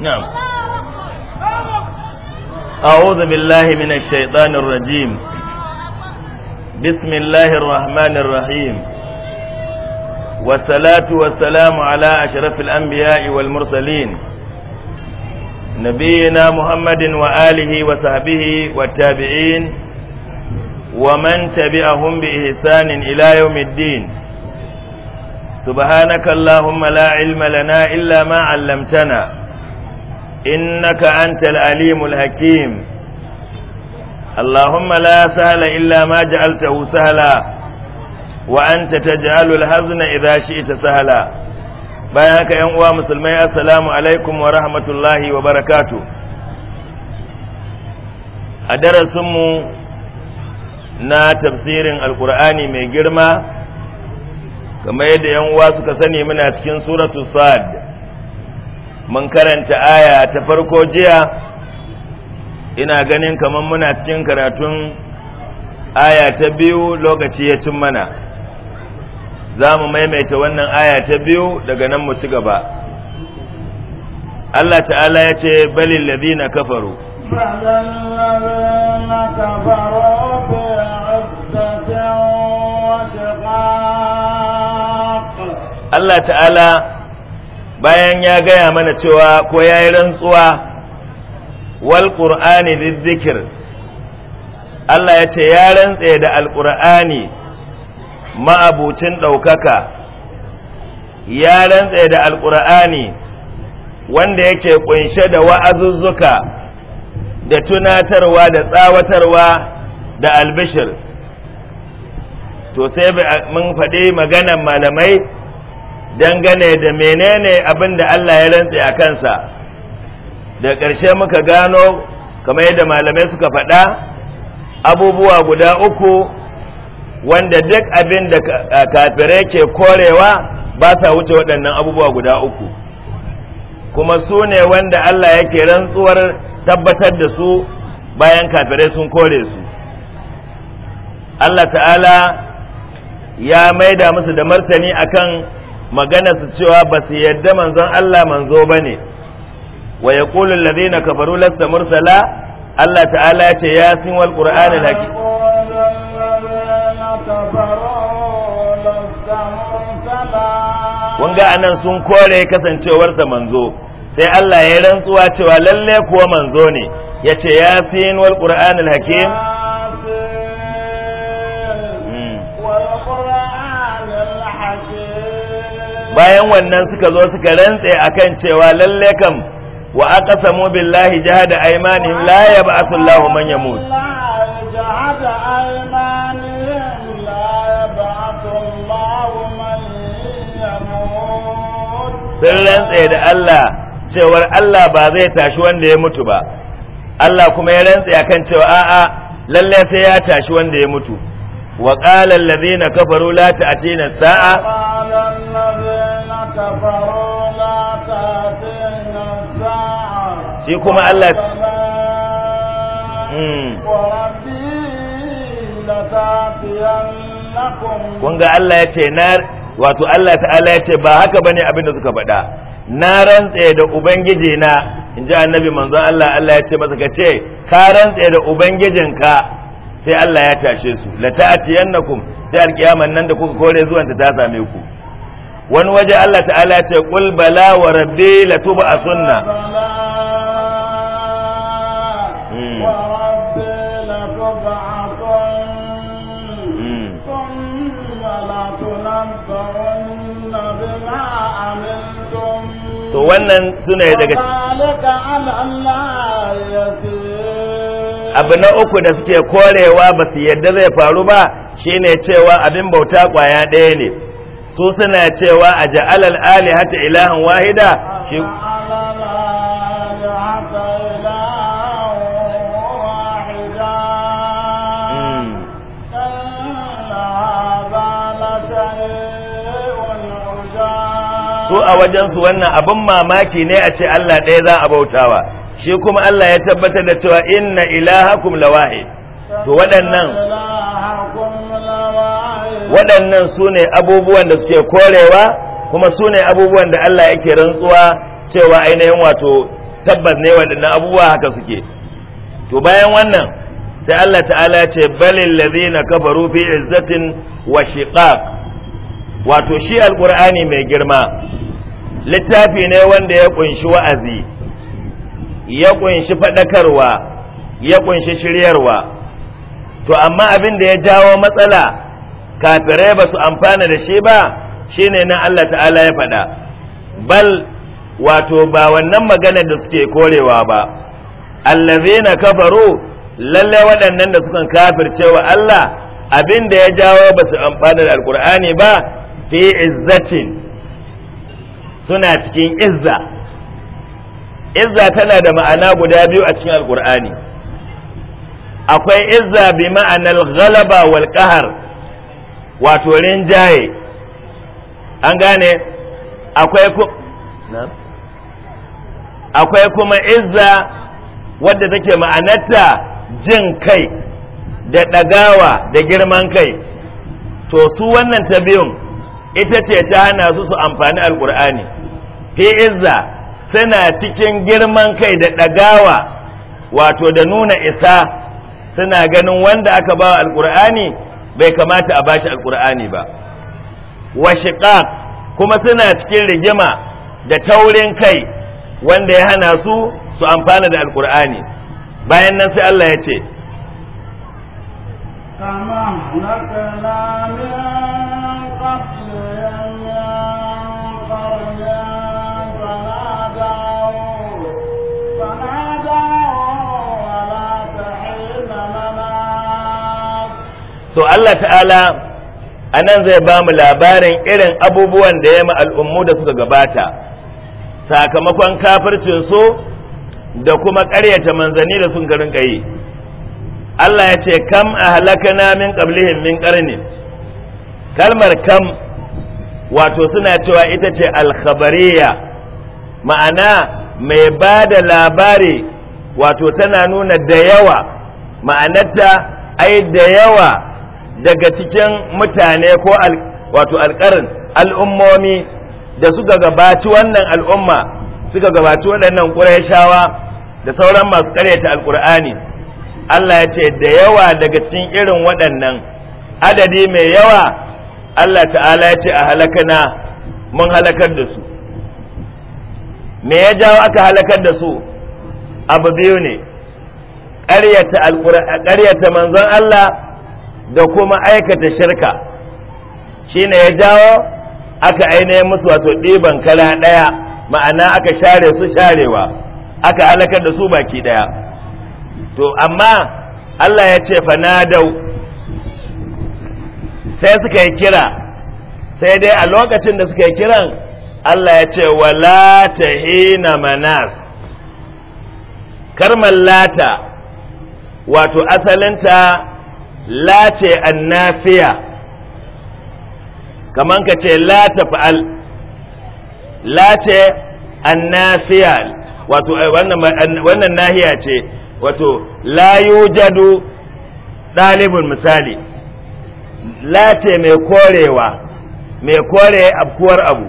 نعم أعوذ بالله من الشيطان الرجيم بسم الله الرحمن الرحيم والصلاة والسلام على أشرف الأنبياء والمرسلين نبينا محمد وآله وصحبه والتابعين ومن تبعهم بإحسان إلى يوم الدين سبحانك اللهم لا علم لنا إلا ما علمتنا إنك أنت الأليم الحكيم اللهم لا سهل إلا ما جعلته سهلا وأنت تجعل الحزن إذا شئت سهلا بيانك ينقوى مسلمي السلام عليكم ورحمة الله وبركاته أدرسم na tafsirin alkur'ani mai girma kamar yadda yan uwa suka sani muna cikin suratul sad mun karanta aya ta farko jiya ina ganin kamar muna cikin karatun aya ta biyu lokaci ya cin mana za mu maimaita wannan aya ta biyu daga nan mu ci gaba Allah ta'ala ya ce balil ladina kafaru Allah ta'ala bayan ya gaya mana cewa ko ya yi rantsuwa wal ƙur'ani zikir Allah ya ce ya rantse da alƙur'ani ma'abucin ɗaukaka ya rantse da alƙur'ani wanda yake ƙunshe da wa'azuzzuka da tunatarwa da tsawatarwa da albishir to sai mun faɗi maganan malamai dangane da menene abin da Allah ya rantse a kansa da ƙarshe muka gano kamar yadda malamai suka faɗa abubuwa guda uku wanda duk abin da kafirai ke korewa ba sa wuce waɗannan abubuwa guda uku kuma su ne wanda Allah yake rantsuwar tabbatar da su bayan kafirai sun kore su Allah ta'ala ya maida musu da martani akan magana su cewa ba su yadda manzon Allah manzo bane wa yaqulu alladhina kafaru lasta mursala Allah ta'ala ya ce sin wal qur'ani laki wanga anan sun kore kasancewarsa manzo sai Allah ya rantsuwa cewa lalle kuwa manzo ne yace sin wal qur'ani hakim bayan wannan suka zo suka rantse akan cewa lalle kam wa aqsamu billahi jahada aymanihim la yab'athu Allahu man yamut sun rantse da Allah cewar Allah ba zai tashi wanda ya mutu ba Allah kuma ya rantse akan cewa a'a lalle sai ya tashi wanda ya mutu wa qala alladhina kafaru la ta'tina sa'a كفروا لا تأتينا الساعة سيكم الله وربي لتأتينكم kun ga Allah ya ce na wato Allah ta'ala ya ce ba haka bane abin da suka faɗa na rantse da ubangiji na in ji annabi manzo Allah Allah ya ce masa ka ce ka rantse da ubangijinka sai Allah ya tashe su la ta'tiyannakum sai alkiyaman nan da kuka kore zuwan ta ta same ku wani waje Allah ta'ala ce kul bala wa rabbi la tub'asunna hmm. hmm. to wannan suna daga abu na uku da suke korewa ba su yadda zai faru ba shine cewa abin bauta kwaya ɗaya ne su suna cewa a ja'alal hata ilahan wahida shi su a wajensu wannan abin mamaki ne a ce Allah ɗaya za a bautawa shi kuma Allah ya tabbatar da cewa inna ilahakum lawahid to waɗannan waɗannan su ne abubuwan da suke korewa kuma su ne abubuwan da Allah yake rantsuwa cewa ainihin wato tabbas ne waɗannan abubuwa haka suke to bayan wannan sai Allah ta'ala ce balil na kafaru fi izzatin wa shiqaq wato shi alqur'ani mai girma littafi ne wanda ya kunshi wa'azi ya kunshi fadakarwa ya kunshi shiryarwa to amma abin da ya jawo matsala kafirai ba su amfana da shi ba shine na Allah ta'ala ya faɗa bal wato ba wannan maganar da suke korewa ba na kafaru lalle waɗannan da sukan kafirce wa Allah abin da ya jawo ba su amfana da alkur'ani ba fi izzatin suna cikin izza izza tana da ma'ana guda biyu a cikin alkur'ani akwai izza bi ma'anar galaba wal wato rinjaye an gane akwai kuma izza wadda take ma'anarta jin kai da ɗagawa da girman kai to su wannan ta biyun ita ce ta hana su su amfani alkur'ani fi izza suna cikin girman kai da ɗagawa wato da nuna isa suna ganin wanda aka ba alkur'ani bai kamata a bashi alkur'ani ba wa shiqaq kuma suna cikin rigima da taurin kai wanda ya hana su su amfana da alkur'ani bayan nan sai Allah ya ce to Allah ta'ala a nan zai ba mu labarin irin abubuwan da ya al'ummu da suka gabata sakamakon kafircinsu da kuma ƙaryata manzani da sun karin ƙayi Allah ya ce kam a halakana min ƙablihin min ƙarni kalmar kam wato suna cewa ita ce alkhabariya ma'ana mai ba da labari wato tana nuna da yawa ma'anarta ai da yawa daga cikin mutane ko wato alƙarin al'ummomi da suka gabaci wannan al'umma suka gabaci waɗannan ƙurayshawa da sauran masu ƙaryata alƙur'ani Allah ya ce da yawa daga cikin irin waɗannan adadi mai yawa Allah ta'ala ya ce a halakana mun halakar da su me ya jawo aka halakar da su abu biyu ne ƙaryata manzon Allah da kuma aikata shirka shi ne ya jawo aka ainihin musu wato ɗiban kala ɗaya ma'ana aka share su sharewa aka halakar da su baki ɗaya to amma Allah ya ce fanadau sai suka yi kira sai dai a lokacin da suka yi kiran Allah ya ce wala hina manas karmar lata wato asalinta lace annafiya kaman ka ce la fa'al? lace annafiya wato eh, wannan nahiya ce wato la yujadu ɗalibin misali lace mai korewa mai kore abkuwar abu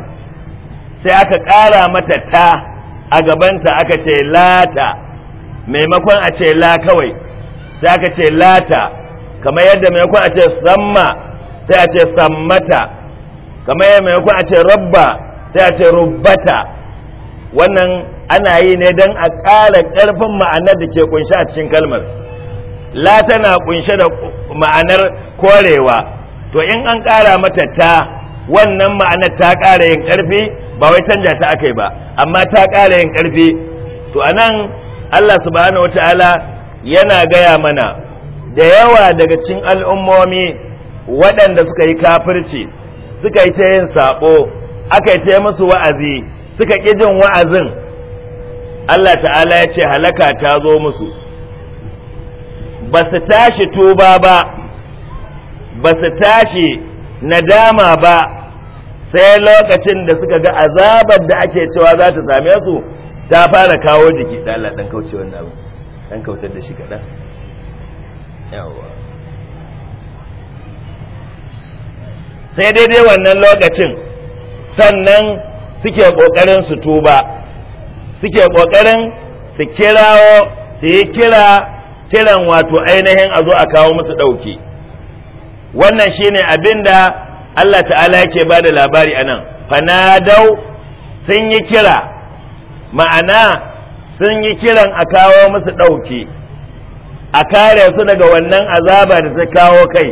sai aka ƙara mata ta a gabanta aka ce lata maimakon a ce la kawai sai aka ce lata kamar yadda maimakon a ce samma sai a ce sammata kamar yadda maimakon a ce rabba sai a ce rubbata wannan ana yi ne don a ƙara ƙarfin ma'anar da ke kunshe a cikin kalmar la tana kunshe da ma'anar korewa to in an ƙara mata ta wannan ma'anar ta ƙara yin ƙarfi ba wai canja ta aka yi ba amma ta ƙara yin ƙarfi to anan Allah subhanahu ta'ala yana gaya mana da yawa daga cin al'ummomi waɗanda suka yi kafirci suka yi ta yin saƙo, aka yi ta musu wa'azi suka ƙi jin wa'azin Allah ta'ala ya ce halaka ta zo musu ba su tashi tuba ba ba su tashi nadama ba sai lokacin da suka ga azabar da ake cewa za ta same su ta fara kawo jiki ɗan kauce ɗan kautar da shi kaɗan sai daidai wannan lokacin sannan suke ƙoƙarin su tuba suke ƙoƙarin su kirawo su yi kira kiran wato ainihin a zo a kawo musu ɗauki wannan shine abin da Allah ta'ala yake ba da labari a nan fanadau sun yi kira ma'ana sun yi kiran a kawo musu ɗauki a kare su daga wannan azaba da ta kawo kai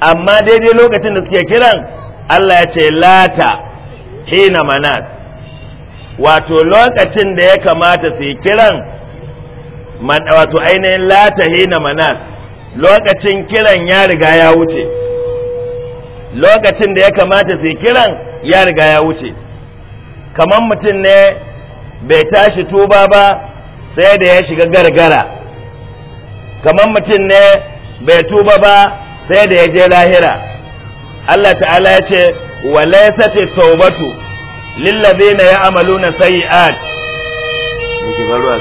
amma daidai lokacin da suke kiran Allah ya ce lata hina manat wato lokacin da ya kamata su yi kiran wato ainihin lata hina manat lokacin kiran ya riga ya wuce lokacin da ya kamata su yi kiran ya riga ya wuce kamar mutum ne bai tashi tuba ba sai da ya shiga gargara kamar mutum ne bai tuba ba sai da ya je lahira Allah ta'ala ya ce wa laysati tawbatu lillazina ya'maluna sayi'at yake faruwa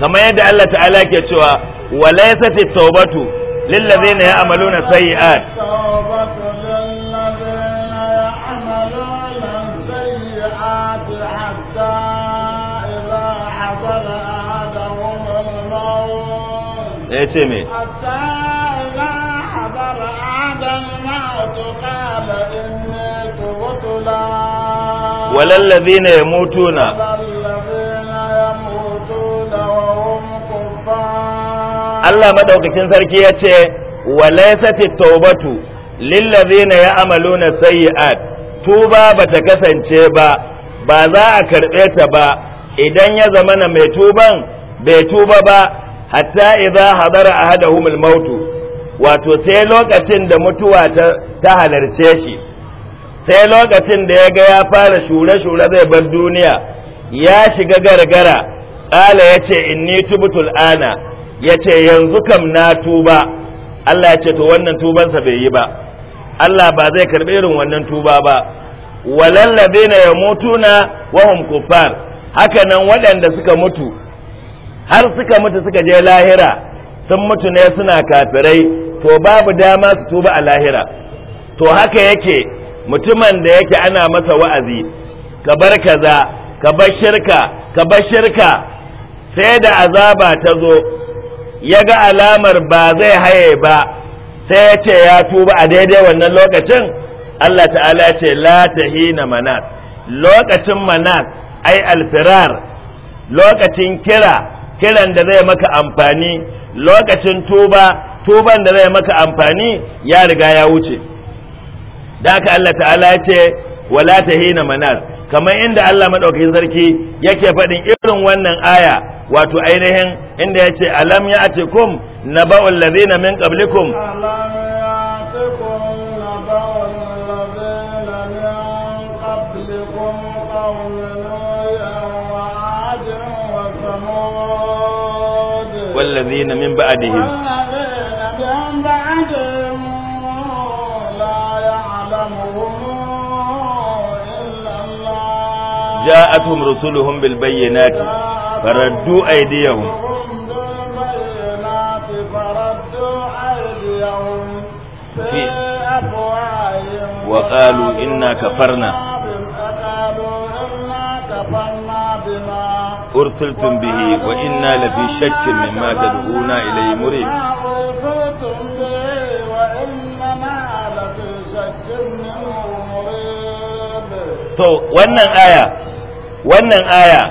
kamar yadda Allah ta'ala ke cewa wa laysati tawbatu lillazina ya'maluna sayi'at ya ce me walallabi ne ya mutu na Allah maɗaukakin sarki ya ce walaisati taubatu lillazina ya'maluna sayyi'at tuba ta kasance ba ba za a karɓe ta ba idan ya zama na mai tuban bai tuba ba hatta idza hadara ahaduhum al-maut wato sai lokacin da mutuwa ta halarce shi sai lokacin da ya ga ya fara shure-shure zai bar duniya ya shiga gargara ƙala yace ce inni tubutul ana ya yanzu kam na tuba Allah yace ce to wannan tubansa bai yi ba Allah ba zai karɓi irin wannan tuba ba walallabi na ya mutuna wahum kuffar haka nan waɗanda suka mutu har suka mutu suka je lahira sun mutu ne suna kafirai to babu dama su tuba a lahira to haka yake mutumin da yake ana masa wa'azi ka bar kaza ka bar shirka ka bar shirka sai da azaba ta zo ya ga alamar ba zai haye ba sai ya ce ya tuba a daidai wannan lokacin Allah ta'ala ce la tahina manat lokacin manat ai alfirar lokacin kira kiran da zai maka amfani lokacin tuba tuban da zai maka amfani ya riga ya wuce da haka Allah ta'ala ya ce wala tahina manar. kamar inda Allah madaukakin sarki yake faɗin irin wannan aya wato ainihin inda yace alam ya ya'tikum naba'ul ladina min qablikum alam ladina min qablikum والذين من بعدهم والذين من بعدهم لا إلا الله جاءتهم رسلهم بالبينات فردوا أيديهم فردوا أيديهم في وقالوا إنا كفرنا أرسلتم به وإنا لفي شك مما تدعون إليه مريب to wannan aya wannan aya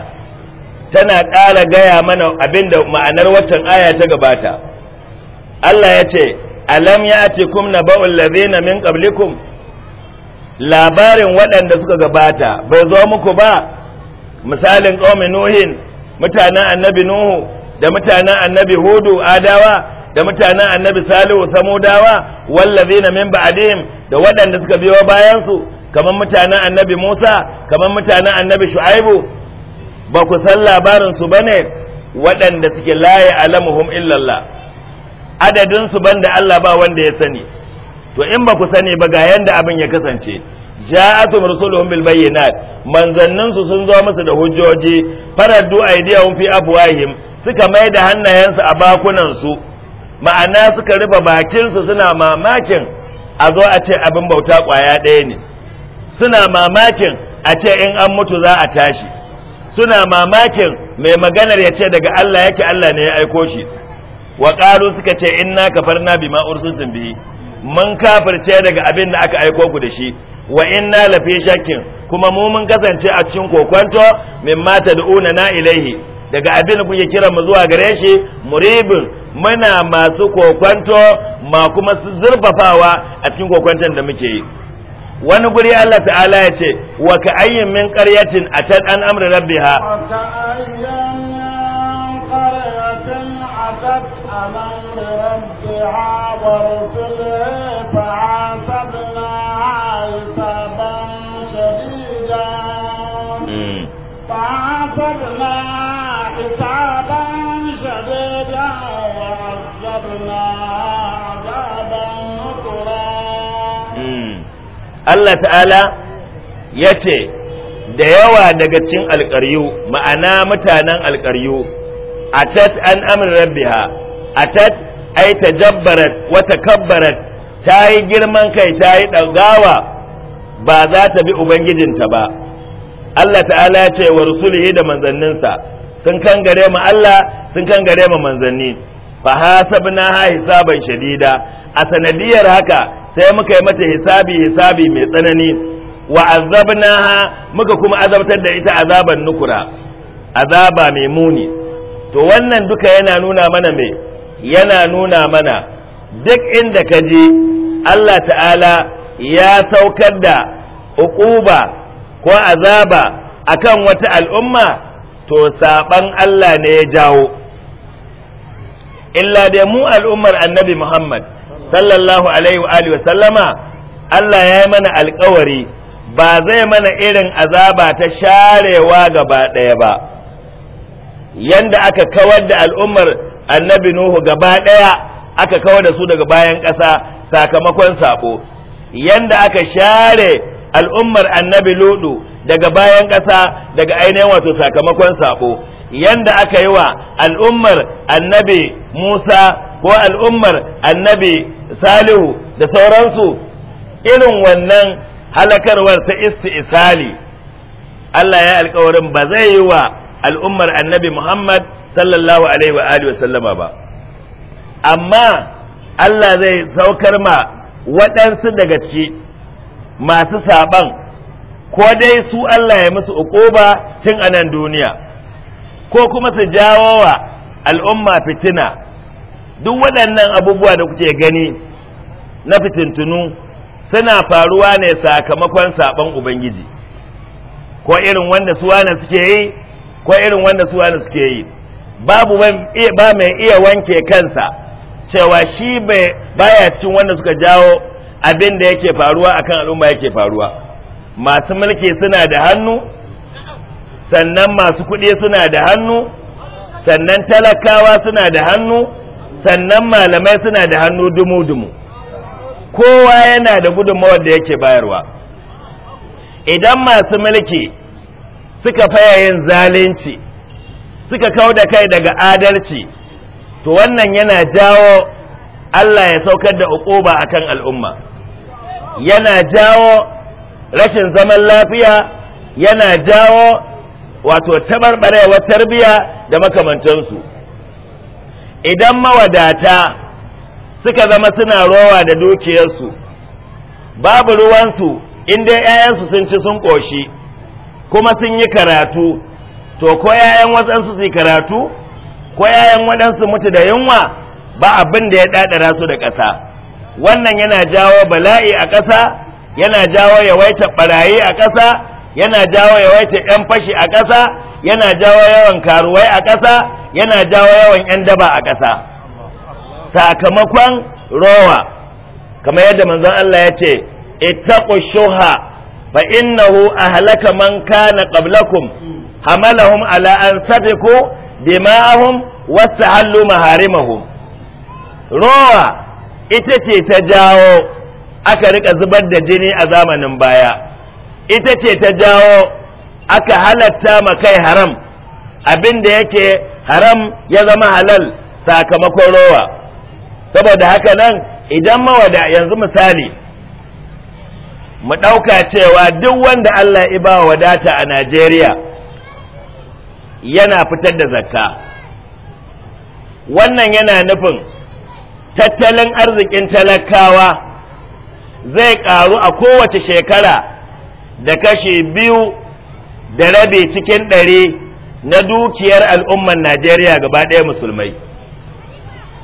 tana ƙara gaya mana abinda ma'anar watan aya ta gabata Allah ya ce alam ya ce kum na ba'ul na min qablikum labarin waɗanda suka gabata bai zo muku ba misalin ƙaumin nuhin mutanen annabi nuhu da mutanen annabi hudu adawa da mutanen annabi salihu samudawa na min ba'dihim da waɗanda suka biyo bayan su kamar mutanen annabi Musa kamar mutanen annabi Shu'aibu ba ku san labarin su bane waɗanda suke laye alamuhum illallah adadin su banda Allah ba wanda ya sani to in ba ku sani ba ga yanda abin ya kasance ja'atum rusuluhum bil bayyinat manzannin su sun zo musu da hujjoji faraddu aydiyahum fi afwahihim suka mai da hannayensu a bakunan su ma'ana suka rufe bakin su suna mamakin a zo a ce abin bauta kwaya ɗaya ne suna mamakin a ce in an mutu za a tashi suna mamakin mai maganar ya ce daga Allah yake Allah ne ya aiko shi wa suka ce inna kafarna bima ursiltum bihi mun kafirce daga abin da aka aiko ku da shi wa inna la fi shakkin kuma mu mun kasance a cikin kokonto da tad'una na ilaihi daga abin da kuke kira mu zuwa gare shi muribin muna masu kokonto ma kuma su zurfafawa a cikin kokonton da muke yi wani guri Allah ta'ala ya ce wa ka ayyin min qaryatin atad an amri rabbiha ملكت أمان ربها ورسله شديدا شديدا وعذبناها عذابا نكرا Allah ta'ala ya ce da yawa daga cikin alƙaryu ma'ana mutanen alƙaryu atat an amr rabbiha atat ai tajabbarat wa takabbarat tayi girman kai tayi ɗagawa ba za ta bi ubangijinta ba Allah ta'ala ya ce wa rusulihi da manzanninsa sun kan gare mu Allah sun kan gare mu manzanni fa hasabna hisaban shadida a sanadiyar haka sai muka yi mata hisabi hisabi mai tsanani wa azabnaha muka kuma azabtar da ita azaban nukura azaba mai muni to wannan duka yana nuna mana me yana nuna mana duk inda ka je Allah ta'ala ya saukar da uquba ko azaba akan wata al'umma to saban Allah ne ya jawo illa da mu al'ummar annabi Muhammad sallallahu alaihi wa alihi wa sallama Allah ya yi mana alkawari ba zai mana irin azaba ta sharewa gaba ɗaya ba yanda aka kawar da al'ummar annabi nuhu gaba ɗaya aka kawar da su daga bayan ƙasa sakamakon sabo yanda aka share al'ummar annabi ludu daga bayan ƙasa daga ainihin wato sakamakon sabo yanda aka yi wa al'ummar annabi musa ko al'ummar annabi salihu da sauransu irin wannan halakarwar ta isti'isali Allah ya alkawarin ba zai yi wa al'ummar annabi Muhammad sallallahu alaihi wa alihi wa sallama ba amma Allah zai saukar ma waɗansu daga ci masu saɓan ko dai su Allah ya musu uquba tun a nan duniya ko kuma su jawo wa al'umma fitina duk waɗannan abubuwa da kuke gani na fitintunu suna faruwa ne sakamakon saɓan Ubangiji ko irin wanda su wane suke yi ko irin wanda su wani suke yi babu ba mai iya wanke kansa cewa shi baya cikin wanda suka jawo abin da yake faruwa akan al'umma yake faruwa masu mulki suna da hannu sannan masu kuɗi suna da hannu sannan talakawa suna da hannu sannan malamai suna da hannu dumu-dumu kowa yana da gudunmawar da yake bayarwa idan masu mulki suka faya yin zalunci suka kau da kai daga adalci to wannan yana jawo Allah ya saukar da uquba akan al'umma yana jawo rashin zaman lafiya yana jawo wato tabarbarewar tarbiya da makamantansu idan mawadata suka zama suna rowa da dukiyarsu babu ruwansu inda 'ya'yansu sun ci sun ƙoshi kuma sun yi karatu to ko yayan wasansu su yi karatu ko yayan waɗansu mutu da yunwa ba abin da ya ɗaɗara su da ƙasa wannan yana jawo bala'i a ƙasa yana jawo yawaita ɓarayi a ƙasa yana jawo yawaita 'yan fashi a ƙasa yana jawo yawan karuwai a ƙasa yana jawo yawan 'yan daba a ƙasa sakamakon rowa kamar yadda manzon Allah ya ce ittaqu shuha fa innahu ahlaka man kana qablakum hamalahum ala an sabiqu dima'ahum wastahallu maharimahum rowa ita ce ta jawo aka rika zubar da jini a zamanin baya ita ce ta jawo aka halatta ma kai haram abin da yake haram ya zama halal sakamakon rowa saboda haka nan idan mawada yanzu misali mu ɗauka cewa duk wanda Allah iba wadata a Najeriya yana fitar da zakka wannan yana nufin tattalin arzikin talakawa zai ƙaru a kowace shekara da kashi biyu da rabi cikin ɗari na dukiyar al'ummar Najeriya gaba ɗaya musulmai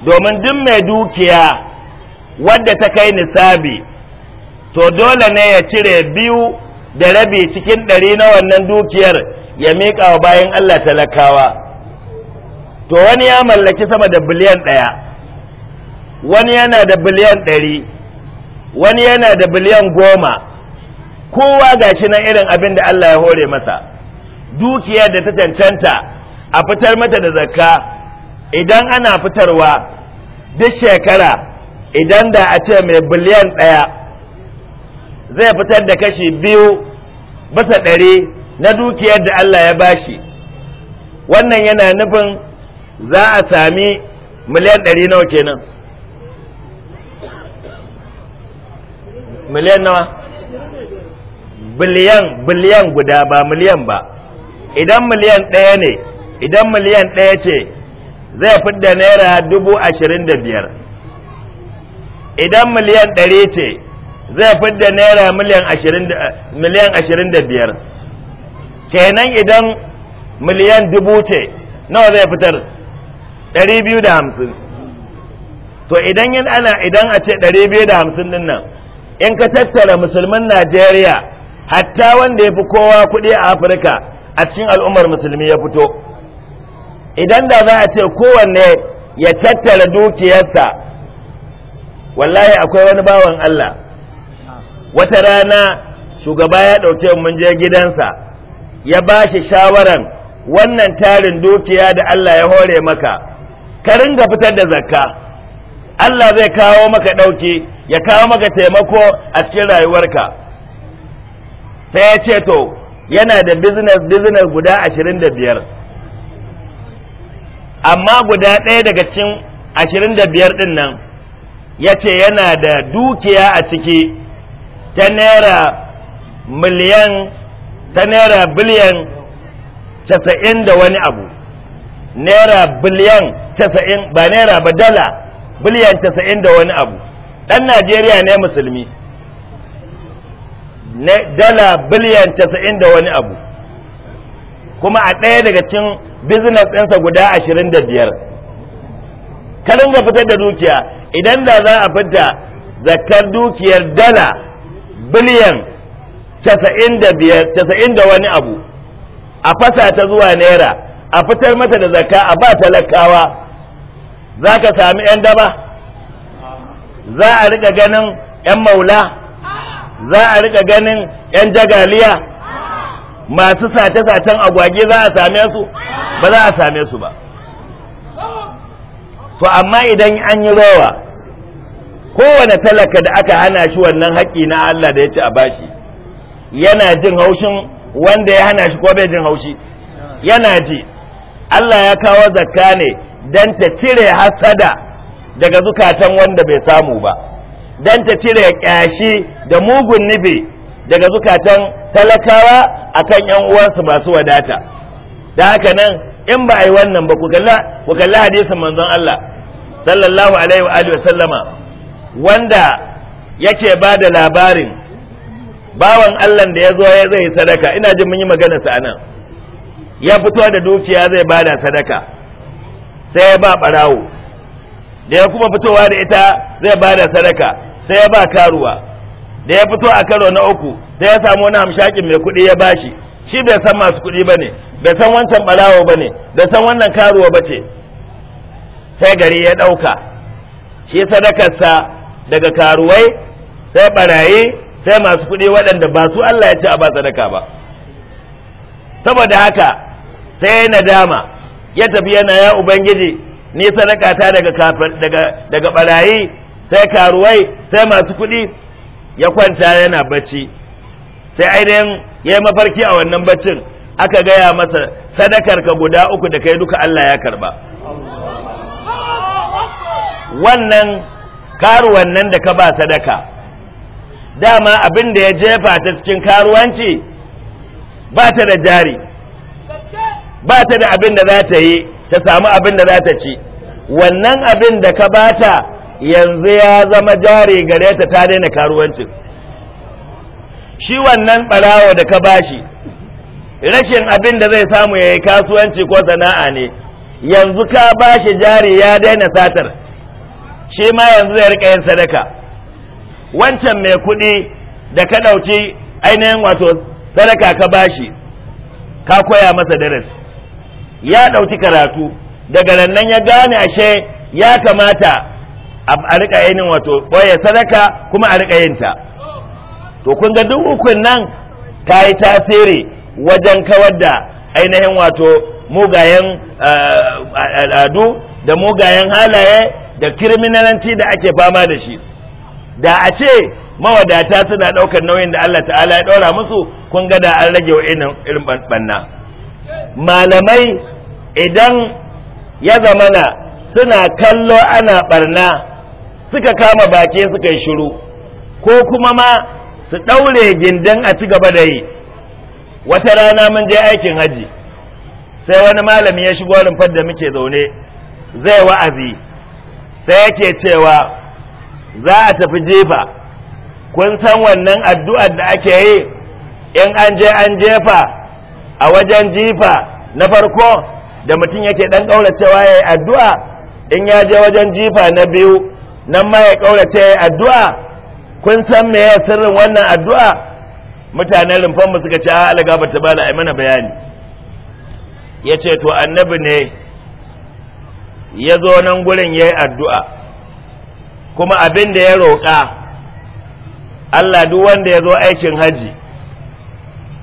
domin duk mai dukiya wadda ta kai nisabi to dole ne ya cire biyu da rabi cikin ɗari na wannan dukiyar ya miƙa wa bayan Allah talakawa to wani ya mallaki sama da biliyan ɗaya wani yana da biliyan ɗari wani yana da biliyan goma kowa ga shi na irin abin da Allah ya hore masa dukiyar da ta cancanta a fitar mata da zakka idan ana fitarwa duk shekara idan da a ce mai biliyan ɗaya zai fitar da kashi biyu bisa ɗari na dukiyar da Allah ya bashi wannan yana nufin za a sami miliyan ɗari nawa kenan miliyan nawa biliyan biliyan guda ba miliyan ba idan miliyan ɗaya ne idan miliyan ɗaya ce zai fidda naira dubu ashirin da biyar idan miliyan ɗari ce zai fidda naira miliyan ashirin da biyar kenan idan miliyan dubu ce nawa zai fitar ɗari biyu da hamsin to idan yin ana idan a ce ɗari biyu da hamsin din nan in ka tattara musulmin najeriya hatta wanda ya fi kowa kuɗi a afirka a cikin al'ummar musulmi ya fito idan da za a ce kowanne ya tattara dukiyarsa wallahi akwai wani bawan allah wata rana shugaba ya ɗauke mun je gidansa ya ba shi shawaran wannan tarin dukiya da Allah ya hore maka ka ringa fitar da zakka Allah zai kawo maka ɗauki ya kawo maka taimako a cikin rayuwarka sai ya ce to yana da business business guda ashirin da biyar amma guda ɗaya daga cikin ashirin da biyar ɗin nan ya ce yana da dukiya a ciki ta naira miliyan biliyan casa'in da wani abu naira biliyan casa'in ba naira ba dala biliyan casa'in da wani abu ɗan najeriya ne musulmi dala biliyan casa'in da wani abu kuma a ɗaya daga cikin bizines ɗinsa guda ashirin da biyar ka dinga fitar da dukiya idan da za a fita zakar dukiyar dala biliyan casa'in da wani abu a fasa ta zuwa naira a fitar mata da zakka a ba talakawa za ka sami 'yan daba za a rika ganin 'yan maula za a rika ganin 'yan jagaliya masu sace-sacen agwage za a same su ba za a same su ba to amma idan an yi rawa kowane talaka da aka hana shi wannan haƙƙi na Allah da ya ci a bashi yana jin haushin wanda ya hana shi ko bai jin haushi yana ji Allah ya kawo zakka ne don ta cire hasada daga zukatan wanda bai samu ba don ta cire ƙyashi da mugun nibe daga zukatan talakawa akan yan uwansu masu wadata da haka nan in ba a yi wannan ba ku kalla hadisin manzon Allah sallallahu alaihi wa sallama wanda yake ba da labarin bawan Allah da ya zo ya zai sadaka ina jin mun yi magana sa nan ya fito da dukiya zai ba da sadaka sai ya ba barawo da ya kuma fitowa da ita zai ba da sadaka sai ya ba karuwa da ya fito a karo na uku sai ya samu wani hamshakin mai kuɗi ya bashi shi bai san masu kuɗi ba ne bai san wancan barawo ba ne bai san wannan karuwa ba ce sai gari ya ɗauka shi sadakarsa daga karuwai sai barayi sai masu kuɗi waɗanda ba su Allah ya ci a ba sadaka ba saboda haka sai nadama ya tafi yana ya ubangiji ni sadaka ta daga daga daga barayi sai karuwai sai masu kuɗi ya kwanta yana bacci sai ainihin ya yi mafarki a wannan baccin aka gaya masa sadakar ka guda uku da kai duka Allah ya karba wannan karuwan nan da ka ba sadaka dama abin da ya jefa ta cikin karuwanci ba ta da jari ba ta da abin da za ta yi ta samu abin da za ta ci wannan abin da ka bata yanzu ya zama jari gare ta ta daina karuwancin shi wannan balawo da ka bashi rashin abin da zai samu ya yi kasuwanci ko sana'a ne yanzu ka bashi jari ya daina satar shi ma yanzu zai rika yin sadaka wancan mai kuɗi da ka ɗauki ainihin wato sadaka ka bashi ka koya masa darasi ya ɗauki karatu daga nan ya gane ashe ya kamata a rika yin wato ɓoye sadaka kuma a rika yin ta to kun ga duk ukun nan ta yi tasiri wajen kawar da ainihin wato mugayen eh, al'adu da mugayen halaye da kirminalanci da ake fama da shi da a ce mawadata suna ɗaukar nauyin da Allah ta'ala ya ɗaura musu kun ga da an rage wa irin banna malamai idan ya zamana suna kallo ana barna suka kama baki suka yi shiru ko kuma ma su ɗaure gindin a ci gaba da yi wata rana mun je aikin haji sai wani malami ya shigo rumfar da muke zaune zai wa'azi sai yake cewa za a tafi jefa kun san wannan addu'ar da ake yi in an je an jefa a wajen jifa na farko da mutum yake ɗan ƙauracewa ya yi addu'a in ya je wajen jifa na biyu nan ma ya ƙaurace ya yi addu'a kun san me ya sirrin wannan addu'a mutanen mu suka ce a alaga ba ta bala a mana bayani ya ce to annabi ne ya zo nan gurin ya yi addu'a kuma abin da ya roƙa Allah duk wanda ya zo aikin haji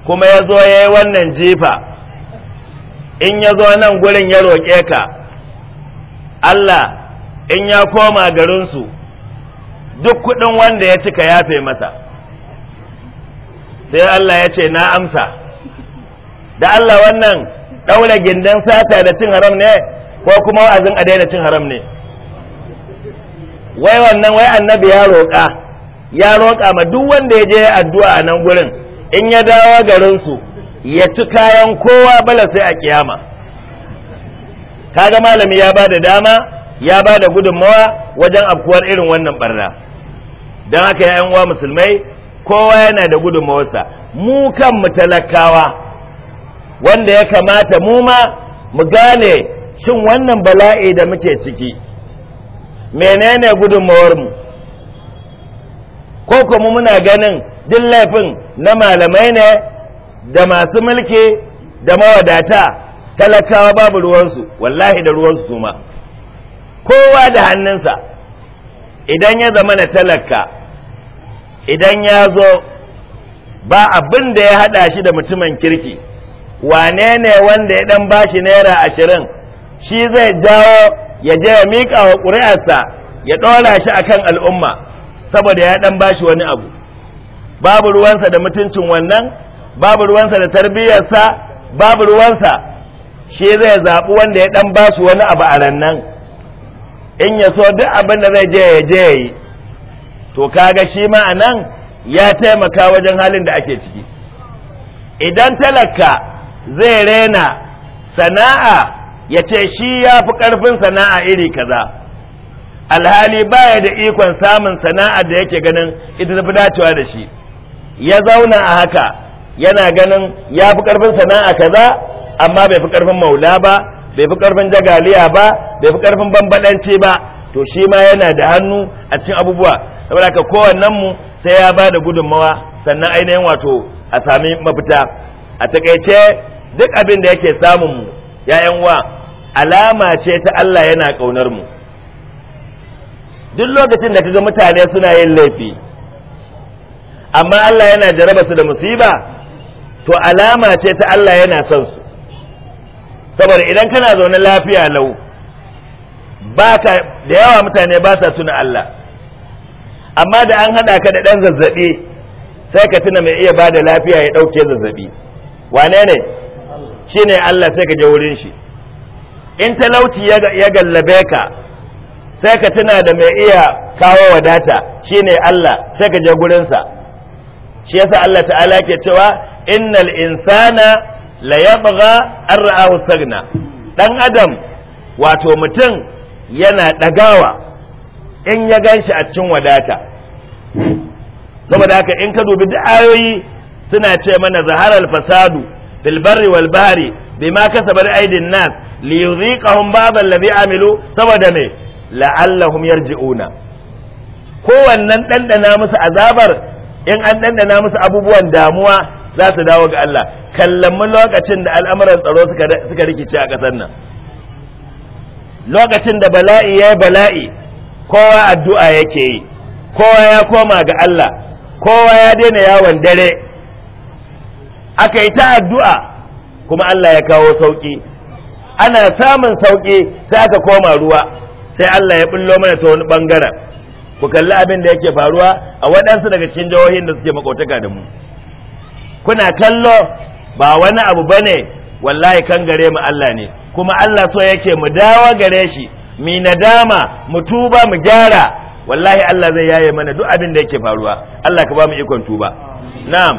kuma ya zo ya yi wannan jifa. in ya zo nan gurin ya roƙe ka Allah in ya koma garinsu duk kuɗin wanda ya cika yafe masa sai Allah ya ce na amsa da Allah wannan ɗaura gindin sata da cin haram ne ko kuma wa'azin a daina cin haram ne wai wannan wai annabi ya roƙa ya roƙa ma duk wanda ya je addu'a a nan gurin in ya dawo garinsu ya ci kayan kowa bala sai a kiyama kaga malami ya ba da dama ya ba da gudunmawa wajen afkuwar irin wannan barna don haka ya uwa musulmai kowa yana da gudunmawarsa mu kan mu talakawa wanda ya kamata mu ma mu gane shin wannan bala'i da muke ciki menene mu? ko kuma muna ganin duk laifin na malamai ne da masu mulki da mawadata talakawa babu ruwansu wallahi da ruwansu su ma kowa da hannunsa idan ya zama na talaka idan ya zo ba abin da ya hada shi da mutumin kirki wane ne wanda ya dan bashi naira ashirin shi zai jawo ya je ya miƙa wa ƙuri'arsa ya ɗora shi akan al'umma saboda ya ɗan bashi wani abu babu ruwansa da mutuncin wannan babu ruwansa da tarbiyyarsa babu ruwansa shi zai zaɓi wanda ya ɗan bashi wani abu a rannan in ya so duk abin da zai je ya je ya yi to kaga shi ma a nan ya taimaka wajen halin da ake ciki idan talaka zai rena sana'a ya ce shi ya fi ƙarfin sana'a iri kaza alhali baya da ikon samun sana'a da yake ganin ita ta fi dacewa da shi ya zauna a haka yana ganin ya fi ƙarfin sana'a kaza amma bai fi ƙarfin maula ba bai fi ƙarfin jagaliya ba bai fi ƙarfin bambaɗanci ba to shi ma yana da hannu a cikin abubuwa saboda ka kowannen mu sai ya ba da gudunmawa sannan ainihin wato a sami mafita a takaice duk abin da yake samun mu ya'yan uwa. alama ce ta Allah yana ƙaunar mu duk lokacin da kaga mutane suna yin laifi amma Allah yana jaraba su da musiba to alama ce ta Allah yana son su saboda idan kana zaune lafiya lau baka da yawa mutane ba sa tuna Allah amma da an hada ka da ɗan zazzabi sai ka tuna mai iya bada lafiya ya dauke zazzabi wane ne shine Allah sai ka je wurin shi in talauci ya gallabe ka sai ka tuna da mai iya kawo wadata shi ne Allah sai ka je gurinsa shi yasa Allah ta'ala ke cewa innal insana la yabgha ar'ahu sagna dan adam wato mutum yana dagawa in ya ganshi a cikin wadata saboda haka in ka dubi da'ayoyi suna ce mana zaharar fasadu bil barri wal bahri bima kasabar aidin nas li baba babal amilu saboda me la'allahum yarji'una kowannan dandana musu azabar in an dandana musu abubuwan damuwa za su dawo ga Allah kallan mu lokacin da al'amuran tsaro suka suka rikice a ƙasar nan lokacin da bala'i ya bala'i kowa addu'a yake yi kowa ya koma ga Allah kowa ya daina yawon dare aka yi ta addu'a kuma Allah ya kawo sauƙi ana samun sauƙi sai aka koma ruwa sai Allah ya bullo mana ta wani bangaren ku kalli abin da yake faruwa a waɗansu daga cikin jihohin da suke makotaka da mu kuna kallo ba wani abu bane wallahi kan gare mu Allah ne kuma Allah so yake mu dawo gare shi mi nadama mu tuba mu gyara wallahi Allah zai yaye mana duk abin da yake faruwa Allah ka ba mu ikon tuba na'am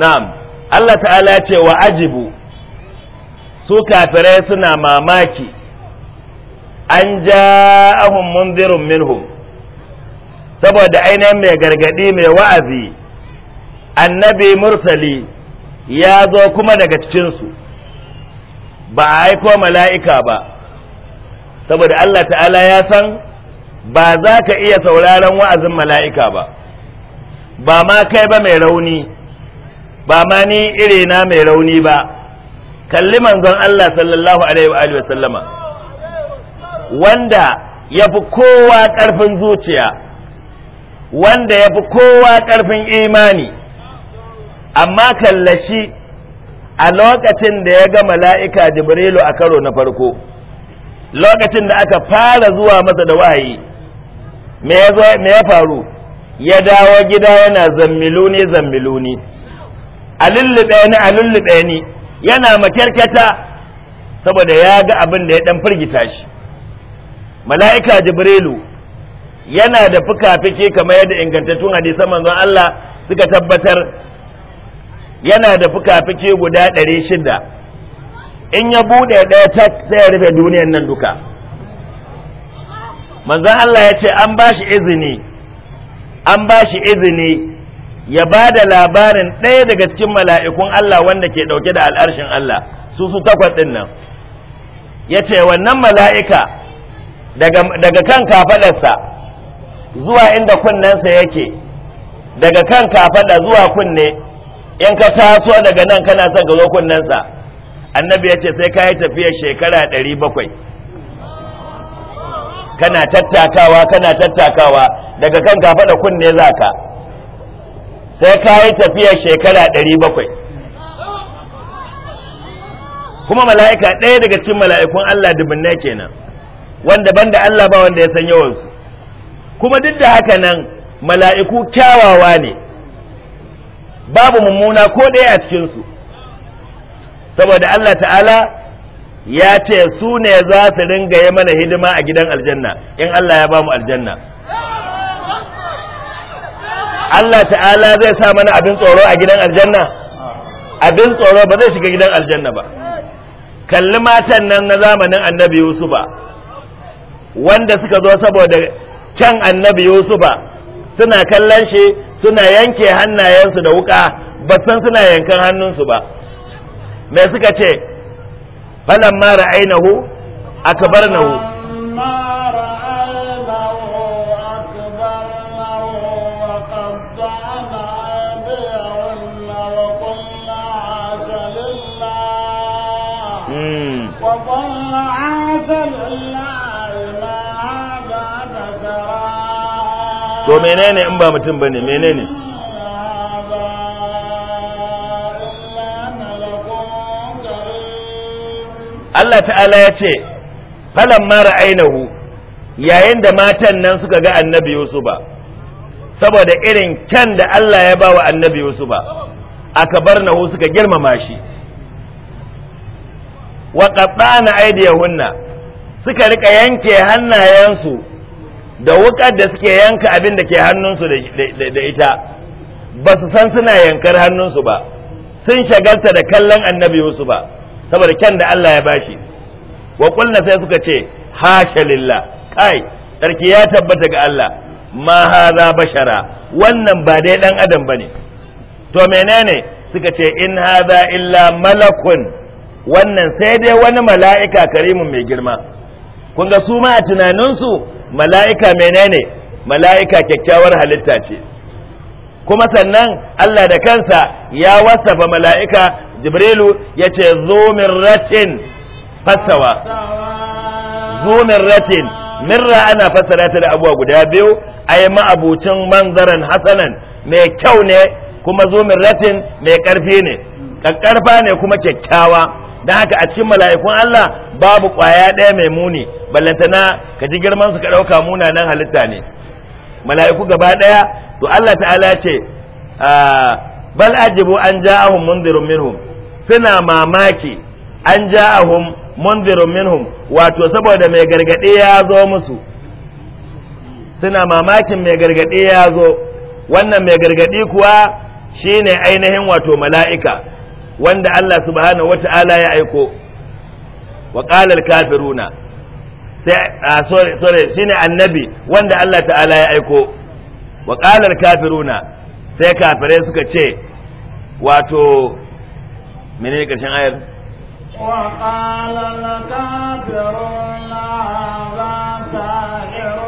na'am Allah ta'ala ya ce wa ajibu su kafirai suna mamaki an ja'ahum munzirun minhum saboda ainihin mai gargadi mai wa'azi annabi mursali ya zo kuma daga cikinsu ba a aiko mala'ika ba saboda Allah ta'ala ya san ba za ka iya sauraron wa'azin mala'ika ba ba ma kai ba mai rauni ba ma ni iri na mai rauni ba kalli manzon Allah sallallahu alaihi wa sallama wanda yafi kowa karfin zuciya wanda yafi kowa ƙarfin imani amma kallashi a lokacin da ya ga mala'ika jibrilu a karo na farko lokacin da aka fara zuwa masa da wahayi me ya faru ya dawo gida yana zammiluni zammiluni a lullube ni a lullube ni yana makyarkyata saboda ya ga abin da ya dan firgita shi mala'ika jibrilu yana da fuka-fike kamar yadda ingantattun hadisan manzon Allah suka tabbatar yana da fuka-fike guda ɗari shida in ya buɗe ɗaya tak sai ya rufe duniyar nan duka manzon Allah ya ce an ba shi izini an ba shi izini ya ba da labarin ɗaya daga cikin mala'ikun Allah wanda ke ɗauke da al'arshin Allah su su takwas ɗin nan ya ce wannan mala'ika daga kan kafaɗarsa zuwa inda kunnensa yake daga kan kafaɗa zuwa kunne in ka taso daga nan kana son ka zo kunnensa annabi ya ce sai ka yi tafiyar shekara ɗari bakwai kana tattakawa kana tattakawa daga kan kafaɗa kunne za ka sai ka yi tafiyar shekara ɗari bakwai kuma mala'ika ɗaya daga cikin mala'ikun Allah dubbinai kenan wanda banda Allah ba wanda ya san yawansu kuma duk da haka nan mala'iku kyawawa ne babu mummuna ko ɗaya a cikinsu saboda Allah ta'ala ya ce su ne za su ringa yi mana hidima a gidan aljanna in Allah ya ba mu aljanna Allah ta'ala zai sa mana abin tsoro a gidan aljanna abin tsoro ba zai shiga gidan aljanna ba kalli matan nan na zamanin annabi yusufa wanda suka zo saboda can annabi yusufa suna kallon shi suna yanke hannayensu da wuka ba san suna yankan hannunsu ba me suka ce falan mara ainihu akbarnahu to menene in ba mutum bane menene Allah ta'ala ya ce falan mara ainihu yayin da matan nan suka ga annabi ba, saboda irin kyan da Allah ya ba wa annabi ba, aka bar nahu suka girmama shi wa ya aydiyahunna suka rika yanke hannayensu da wukar da suke yanka abin da ke hannunsu da ita ba su san suna yankar hannunsu ba sun shagalta da kallon annabi musu ba saboda kyan da Allah ya bashi wa kulna sai suka ce hasha lillah kai sarki ya tabbata ga Allah ma hadha bashara wannan ba dai dan adam bane to menene suka ce in hadha illa malakun wannan sai dai wani mala'ika karimun mai girma kun ga su ma a tunaninsu mala'ika menene mala'ika kyakkyawar halitta ce kuma sannan Allah da kansa ya wasafa mala'ika jibrilu ya ce zumin ratin fasawa zumin ratin mirra ana fassara ta da abuwa guda biyu a yi ma'abucin manzaran hasanan mai kyau ne kuma zumin ratin mai ƙarfi ne ƙaƙƙarfa ne kuma kyakkyawa don haka a cikin mala'ikun Allah babu kwaya ɗaya mai muni ballantana ka ji girman su ka ɗauka munanan halitta ne mala'iku gaba ɗaya to Allah ta'ala ce ah, bal ajibu an ja'ahum mundirun minhum suna mamaki an ja'ahum mundirun minhum wato saboda mai gargaɗe ya zo musu suna mamakin mai gargaɗe ya zo wannan mai gargaɗi kuwa shine ainihin wato mala'ika wanda Allah subhanahu wata'ala ya aiko wa qalal kafiruna sai ah, sorry sorry shine annabi wanda Allah ta'ala ya aiko wa qalal kafiruna sai kafirai suka ce wato menene karshen ayar وقال الكافرون هذا ساحر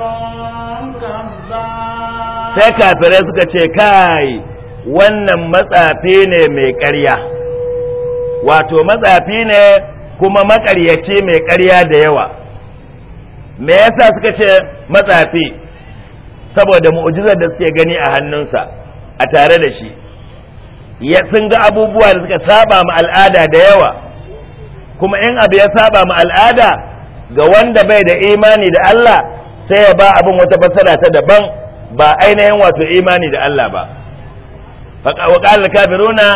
كذاب sai kafirai suka ce kai wannan matsafi ne mai ƙarya wato matsafi ne kuma makaryaci mai ƙarya da yawa me yasa suka ce matsafi saboda mu'jizar da suke gani a hannunsa a tare da shi ya sun ga abubuwa da suka saba mu al'ada da yawa kuma in abu ya saba mu al'ada ga wanda bai da imani da Allah sai ya ba abin wata fassara ta daban ba ainihin wato imani da Allah ba wa qala kafiruna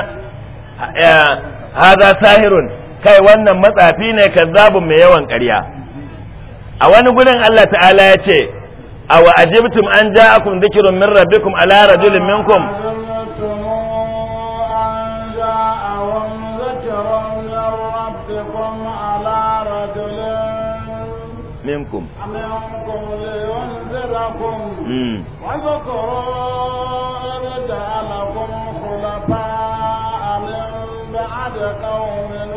hadha sahirun kai wannan matsafi ne kazzabun mai yawan ƙarya a wani gudun Allah ta'ala ya ce a wa ajibtum an ja'akum dhikrun min rabbikum ala rajulin minkum منكم لينذركم hmm. واذكروا إذ جعلكم خلفاء من بعد قوم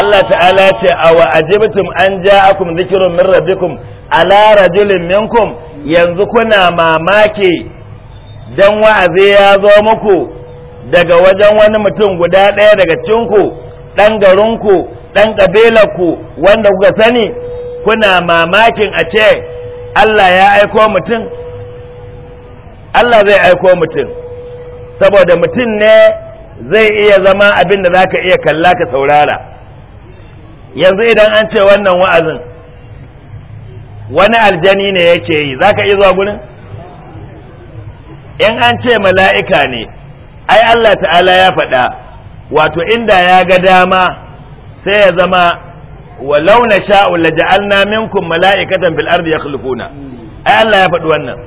Allah ta'ala ce a wa ajibtum an akum zikirin min rabbikum ala rajulin minkum yanzu kuna mamaki dan wa'azi ya zo muku daga wajen wani mutum guda ɗaya daga cinku ɗan garinku ɗan ƙabilarku wanda kuka sani kuna mamakin a ce Allah ya aiko mutum Allah zai aiko mutum saboda mutum ne zai iya zama abin da zaka iya kalla ka saurara yanzu idan an ce wannan wa'azin wani aljani ne yake yi zaka iya zuwa gurin in an ce mala'ika ne ai Allah ta'ala ya faɗa wato inda ya ga dama sai ya zama wa launa sha'u la ja'alna minkum mala'ikatan bil ardi yakhlufuna ai Allah ya faɗi wannan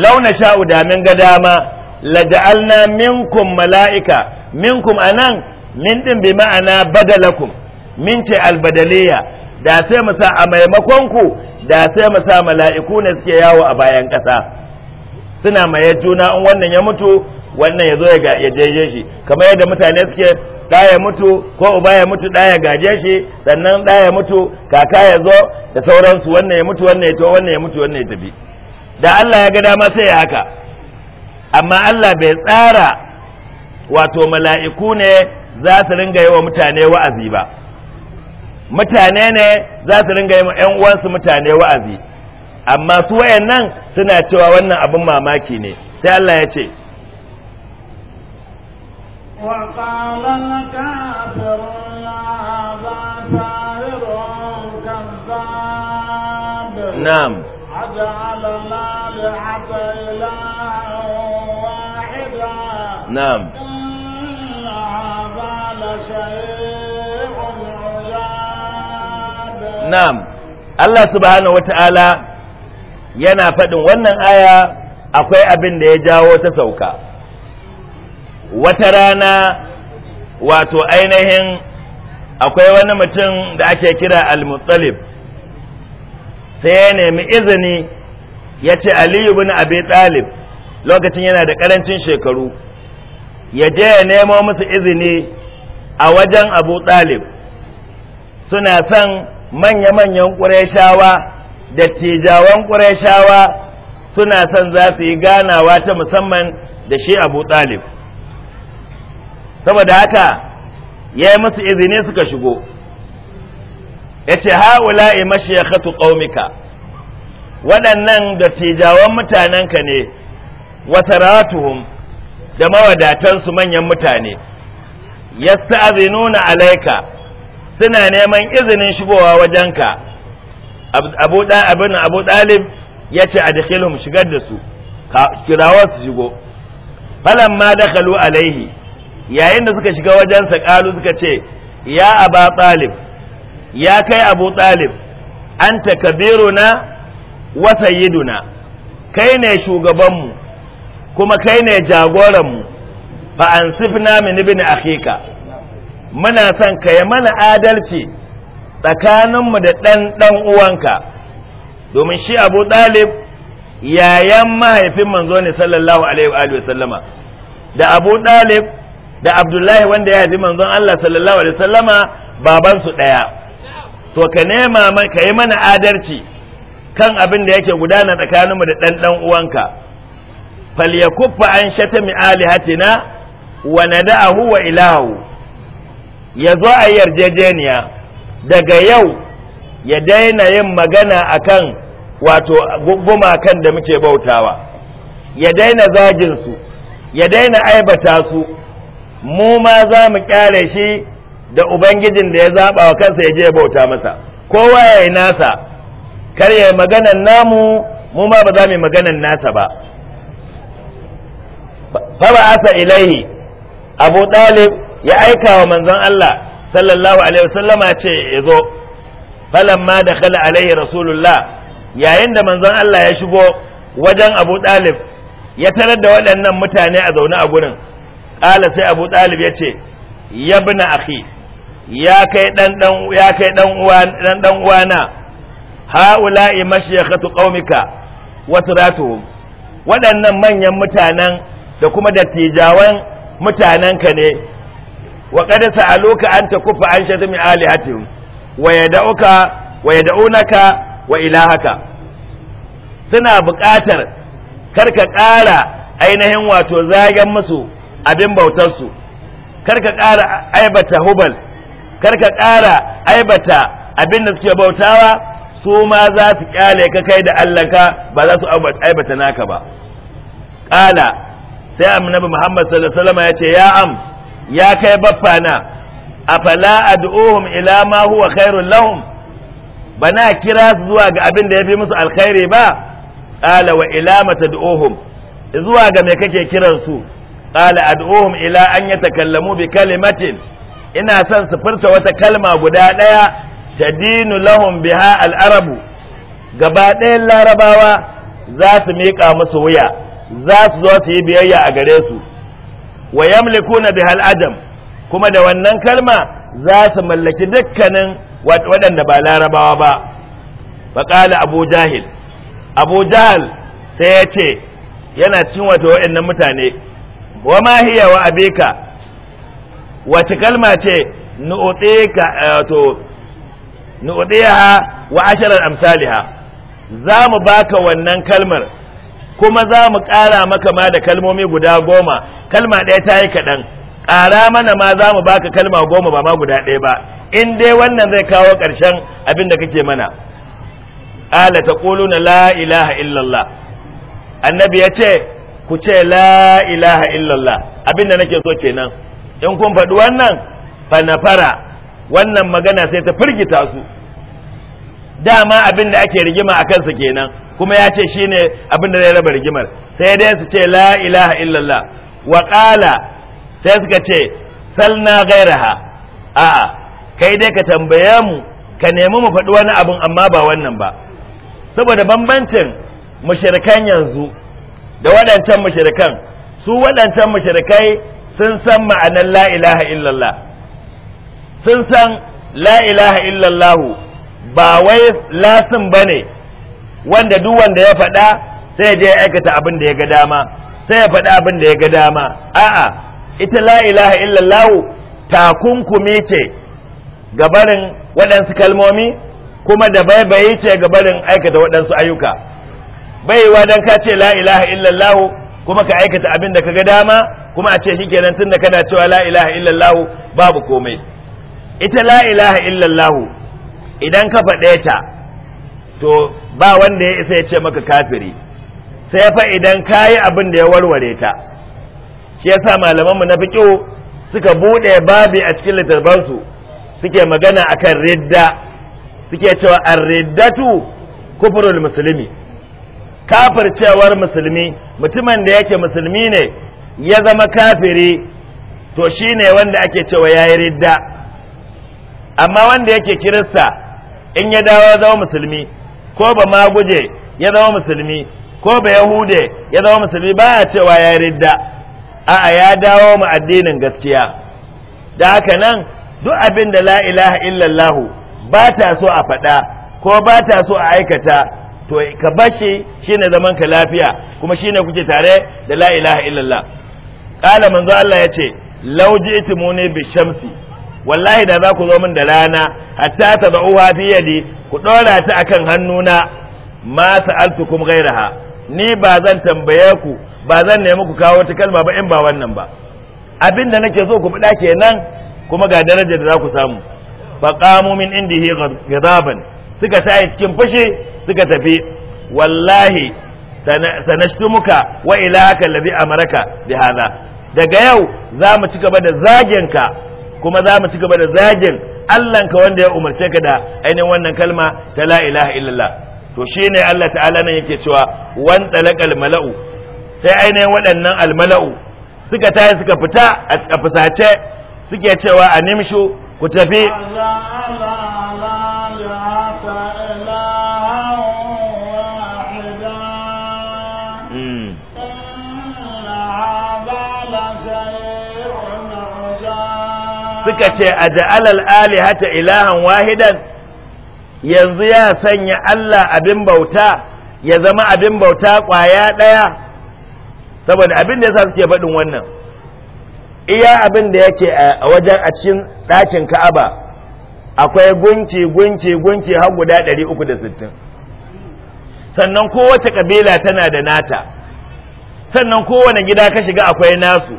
launa sha'u da min ga dama لجعلنا منكم mala'ika منكم anan من din bi ma'ana badalakum min ce albadaliya da sai mu sa a maimakon ku da sai mu sa mala'iku na suke yawo a bayan ƙasa suna maye juna in wannan ya mutu wannan ya zo ya gaje shi kamar yadda mutane suke da ya mutu ko uba ya mutu da ya gaje shi sannan da ya mutu kaka ya zo da sauransu wannan ya mutu wannan ya to wannan ya mutu wannan ya tafi da Allah ya ga dama sai ya haka amma Allah bai tsara wato mala'iku ne za su ringa yi wa mutane wa'azi ba mutane ne za su ringa yi wa ‘yan uwansu mutane wa'azi amma su wayannan suna cewa wannan abin mamaki ne sai Allah ya ce Na'am. جعلنا لحتى إله واحدا نعم إن هذا لشيء عجاب نعم subhanahu wa ta’ala yana faɗin wannan aya akwai abin da ya jawo ta sauka wata rana wato ainihin akwai wani mutum da ake kira al-muttalib sai ya nemi izini ya ce aliyu bin abi talib lokacin yana da karancin shekaru ya je ya nemo musu izini a wajen abu talib suna son manya-manyan ƙureshawa da tijawan ƙureshawa suna son za su yi ganawa ta musamman da shi abu talib saboda haka ya yi musu izini suka shigo yace haula'i mashayakhatu qaumika waɗannan dattijawan mutanenka ne wataratuhum da mawadatansu manyan mutane yasta'zinuna alaika suna neman izinin shigowa wajenka abu da abin abu dalib yace adkhilhum shigar da su kirawar su shigo da dakhalu alaihi yayin da suka shiga wajensa kalu suka ce ya aba ɗalib. ya kai abu ɗalib an na wa sayyiduna kai ne shugabanmu kuma kai ne jagoranmu fa an sifna min ibn akhika muna son kai mana adalci tsakaninmu da ɗan ɗan uwanka domin shi abu ɗalib yayan mahaifin manzo ne sallallahu alaihi wa sallama da abu ɗalib da abdullahi wanda ya haifi manzon Allah sallallahu alaihi wa sallama babansu ɗaya to ka nema ka yi mana adalci kan abin da yake gudana tsakaninmu da ɗan ɗan uwanka falyakuffa an shata shatami alihatina wa nada'ahu wa ilahu ya zo a yarjejeniya daga yau ya daina yin magana akan wato kan da muke bautawa ya daina zagin su ya daina aibata su mu ma za mu kyale shi da ubangijin da ya zaɓa wa kansa ya je bauta masa kowa ya yi nasa kar ya maganan namu mu ma ba za mu yi maganan nasa ba fa asa ilaihi abu ɗalib ya aika wa manzon Allah sallallahu alaihi wasallama ce ya zo falamma da kala alaihi rasulullah yayin da manzon Allah ya shigo wajen Abu Dalib ya tarar da waɗannan mutane a zaune a gurin ƙala sai Abu Dalib ya ce ya akhi ya kai dan dan ya kai dan uwa dan dan uwana haula'i qaumika wa waɗannan manyan mutanen da kuma dattijawan mutanenka ne wa sa sa'aluka an ta kufa an shatmi alihatihim wa yad'uka wa yad'unaka wa ilahaka suna buƙatar karka ƙara ainihin wato zagen musu abin bautarsu karka ƙara aibata hubal kar ka ƙara aibata abin da suke bautawa su ma za su ƙyale ka kai da allanka ba za su aibata naka ba ƙala sai annabi muhammad sallallahu alaihi ya ce ya am ya kai baffana afala ad'uhum ila ma huwa khairul lahum bana kira su zuwa ga abin da ya fi musu alkhairi ba ƙala wa ila matad'uhum zuwa ga me kake kiransu ƙala ad'uhum ila an yatakallamu bi kalimatin ina son su furta wata kalma guda ɗaya dinu lahum biha al'arabu gaba ɗayan larabawa za su miƙa musu wuya za su zo su yi biyayya a gare su wa yamlikuna biha Adam kuma da wannan kalma za su mallaki dukkanin waɗanda ba larabawa ba Baƙala abu jahil abu jahil sai ya ce yana cin wato waɗannan mutane wa ma hiya wa abika wace kalma ce nu'udiyaha eh, wa asharar amsaliha za mu baka wannan kalmar kuma za mu ƙara maka ma da kalmomi guda goma kalma ɗaya ta yi kaɗan ƙara mana ma za mu baka kalma goma ba ma guda ɗaya ba in dai wannan zai kawo ƙarshen abin da kake mana ala ta na la ilaha illallah annabi ya ce ku ce la ilaha illallah abin da nake so kenan in kun faɗi wannan fanafara wannan magana sai ta firgita su dama abin da ake rigima a kansa kenan kuma ya ce shi ne abin da zai raba rigimar sai dai su ce la ilaha illallah wa ƙala sai suka ce salna gairaha a'a kai dai ka tambaye mu ka nemi mu faɗi wani abin amma ba wannan ba saboda bambancin mushirikan yanzu da waɗancan mushirikan su waɗancan mushirikai sun san ma'anar la ilaha illallah sun san la ilaha illallah ba wai lasin bane wanda duk wanda ya faɗa sai je ya aikata abin da ya ga dama sai ya faɗa abin da ya ga dama a'a ita la ilaha illallah takunkumi ce ga barin waɗansu kalmomi kuma da baibaye ce ga aikata waɗansu ayyuka baiwa don ka ce la ilaha illallah kuma ka aikata abin da ka ga dama kuma a ce shikenan tunda kana cewa la ilaha illallah babu komai ita la ilaha illallah idan ka faɗe ta to ba wanda ya isa ya ce maka kafiri sai fa idan kayi abin da ya warware ta shi yasa mu na fiqh suka buɗe babi a cikin littafansu suke magana akan ridda suke cewa ar-riddatu kufrul muslimi kafircewar musulmi mutumin da yake musulmi ne ya zama kafiri to shi ne wanda ake cewa ya yi ridda amma wanda yake kirista in ya dawo zama musulmi ko ba ma guje ya zama musulmi ko ba yahude ya zama musulmi ba ya cewa ya yi ridda a'a ya dawo mu addinin gaskiya da haka nan duk abin da la ilaha illallahu ba ta so a faɗa ko ba ta so a aikata to ka bashi shine zaman ka lafiya kuma shine kuke tare da la ilaha illallah kala manzo Allah ya ce law ji'tumuni bi shamsi wallahi da za ku zo min da rana hatta ta tad'uha fi yadi ku dora ta akan hannuna ma sa'altukum ghairaha ni ba zan tambaye ku ba zan nemi ku kawo ta kalma ba in ba wannan ba abin da nake so ku faɗa kenan kuma ga darajar da za ku samu faqamu min indihi ghadaban suka tayi cikin fushi suka tafi wallahi sanashtumuka wa ilaka alladhi amaraka bi hadha daga yau za mu ci gaba da zagenka kuma za mu ci gaba da zagin Allahnka wanda ya umarce ka da ainihin wannan kalma ta la ilaha illallah to shi ne Allah ta'ala nan yake cewa wan talaqal mala'u sai ainihin waɗannan almala'u suka tayi suka fita a fusace suke cewa a nimshu ku tafi suka ce a ja'alal alihata ilahan wahidan yanzu ya sanya Allah abin bauta ya zama abin bauta ƙwaya ɗaya saboda abin da ya sa suke faɗin wannan iya abin da yake a wajen a cikin ɗakin Ka'aba akwai gunki gunki gunki har guda 360 sannan kowace kabila tana da nata sannan kowane gida ka shiga akwai nasu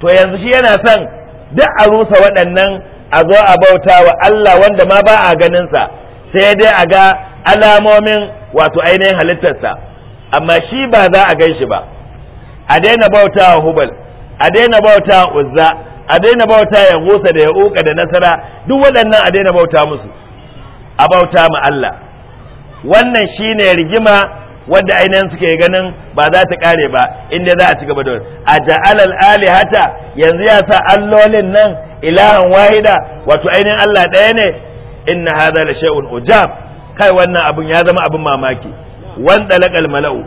to yanzu shi yana son duk a rusa waɗannan a zo a bauta wa Allah wanda ma ba a ganinsa sai dai a ga alamomin wato ainihin halittarsa amma shi ba za a gan shi ba a daina bauta wa hubal a daina bauta wa uzza a daina bauta ya gusa da ya uka da nasara duk waɗannan a daina bauta musu a bauta ma Allah wannan shine rigima wadda ainihin suke ganin ba za ta kare ba inda za a ci gaba da wani a ja'alal alihata yanzu ya sa allolin nan ilahan wahida wato ainihin Allah ɗaya ne inna hadha da shay'un ujab kai wannan abun ya zama abin mamaki wan dalakal mala'u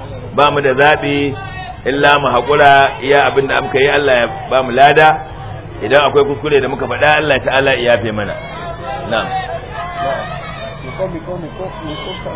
ba mu da zaɓi illa mu haƙura iya abin da amka yi Allah ya ba mu lada idan akwai kuskure da muka faɗa Allah ta'ala ya yafe mana na'am